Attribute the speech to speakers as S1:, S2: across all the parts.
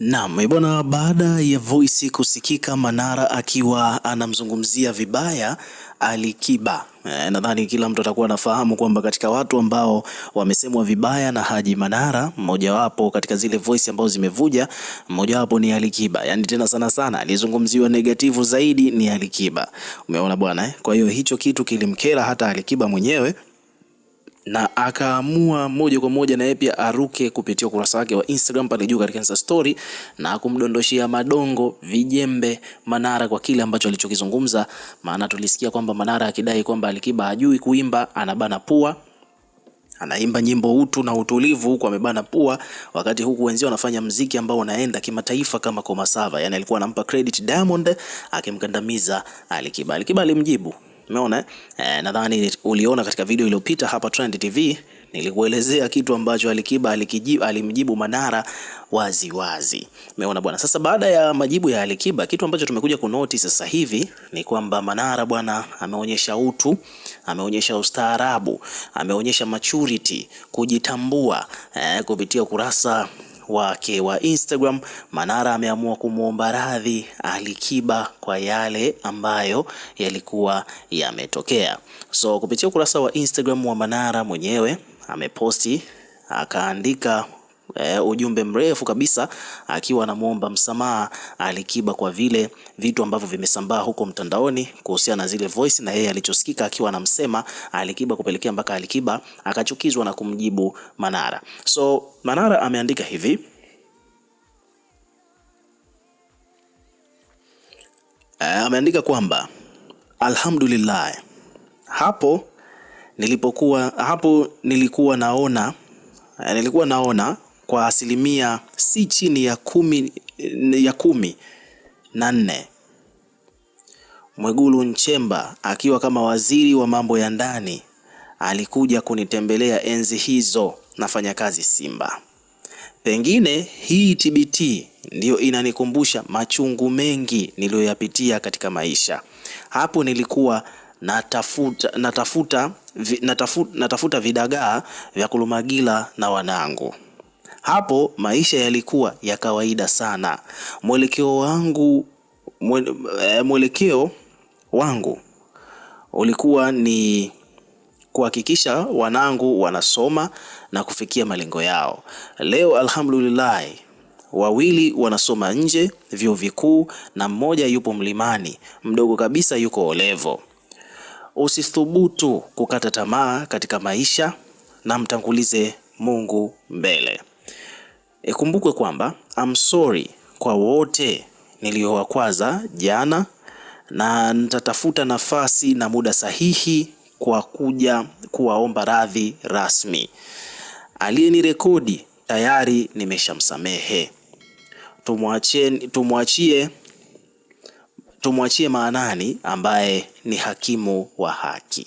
S1: Naam, eh, bwana, baada ya voice kusikika Manara akiwa anamzungumzia vibaya alikiba E, eh, nadhani kila mtu atakuwa anafahamu kwamba katika watu ambao wamesemwa vibaya na Haji Manara, mmojawapo katika zile voice ambazo zimevuja, mmojawapo ni alikiba Yaani tena sana sana alizungumziwa negativu zaidi ni alikiba Umeona bwana eh? Kwa hiyo hicho kitu kilimkera hata alikiba mwenyewe na akaamua moja kwa moja na yeye pia aruke kupitia ukurasa wake wa Instagram pale juu katika Insta story na kumdondoshia madongo, vijembe Manara kwa kile ambacho alichokizungumza. Maana tulisikia kwamba Manara akidai kwamba Alikiba hajui kuimba, anabana pua anaimba nyimbo utu na utulivu huku amebana pua, wakati huku wenzio wanafanya mziki ambao unaenda kimataifa kama Komasava. Yani alikuwa anampa credit Diamond akimkandamiza Alikiba. Alikiba alimjibu Umeona eh, nadhani uliona katika video iliyopita hapa Trend TV nilikuelezea kitu ambacho Alikiba alikijibu, alimjibu Manara wazi wazi. Umeona bwana. Sasa baada ya majibu ya Alikiba, kitu ambacho tumekuja kunoti sasa hivi ni kwamba Manara bwana ameonyesha utu, ameonyesha ustaarabu, ameonyesha maturity, kujitambua eh, kupitia kurasa wake wa Instagram, Manara ameamua kumwomba radhi Alikiba kwa yale ambayo yalikuwa yametokea. So kupitia ukurasa wa Instagram wa Manara mwenyewe ameposti akaandika eh, ujumbe mrefu kabisa akiwa anamwomba msamaha Alikiba kwa vile vitu ambavyo vimesambaa huko mtandaoni kuhusiana na zile voice na yeye alichosikika akiwa anamsema Alikiba kupelekea mpaka Alikiba akachukizwa na kumjibu Manara. So Manara ameandika hivi uh, ameandika kwamba alhamdulillah, hapo nilipokuwa hapo nilikuwa naona eh, nilikuwa naona kwa asilimia si chini ya kumi, ya kumi na nne. Mwigulu Nchemba akiwa kama waziri wa mambo ya ndani alikuja kunitembelea enzi hizo nafanya kazi Simba. Pengine hii TBT ndiyo inanikumbusha machungu mengi niliyoyapitia katika maisha. Hapo nilikuwa natafuta, natafuta, natafuta, natafuta vidagaa vya kulumagila na wanangu. Hapo maisha yalikuwa ya kawaida sana. Mwelekeo wangu eh, mwelekeo wangu ulikuwa ni kuhakikisha wanangu wanasoma na kufikia malengo yao. Leo alhamdulillah, wawili wanasoma nje vyuo vikuu na mmoja yupo mlimani, mdogo kabisa yuko olevo. Usithubutu kukata tamaa katika maisha na mtangulize Mungu mbele. Ikumbukwe kwamba I'm sorry kwa wote niliowakwaza jana, na nitatafuta nafasi na muda sahihi kwa kuja kuwaomba radhi rasmi. Aliyenirekodi tayari nimeshamsamehe. Tumwachie, tumwachie maanani ambaye ni hakimu wa haki.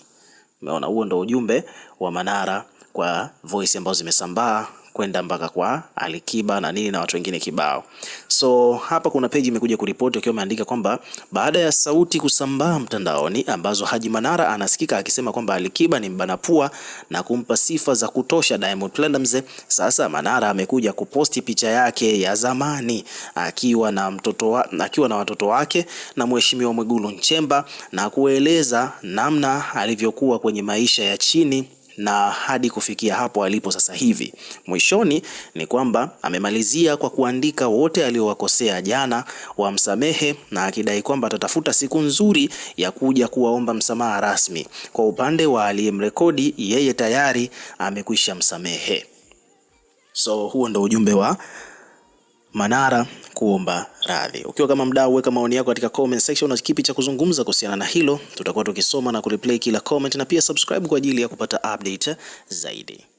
S1: Umeona, huo ndo ujumbe wa Manara kwa voice ambazo zimesambaa kwenda mpaka kwa Alikiba na nini na watu wengine kibao. So hapa kuna peji imekuja kuripoti wakiwa wameandika kwamba baada ya sauti kusambaa mtandaoni ambazo Haji Manara anasikika akisema kwamba Alikiba ni mbanapua na kumpa sifa za kutosha Diamond Platnumz, sasa Manara amekuja kuposti picha yake ya zamani akiwa na mtoto wa, akiwa na watoto wake na Mheshimiwa Mwigulu Nchemba na kueleza namna alivyokuwa kwenye maisha ya chini na hadi kufikia hapo alipo sasa hivi. Mwishoni ni kwamba amemalizia kwa kuandika wote aliowakosea jana wamsamehe, na akidai kwamba atatafuta siku nzuri ya kuja kuwaomba msamaha rasmi. Kwa upande wa aliyemrekodi yeye tayari amekwisha msamehe. So huo ndo ujumbe wa Manara kuomba radhi. Ukiwa kama mdau, weka maoni yako katika comment section, na kipi cha kuzungumza kuhusiana na hilo. Tutakuwa tukisoma na kureplay kila comment, na pia subscribe kwa ajili ya kupata update zaidi.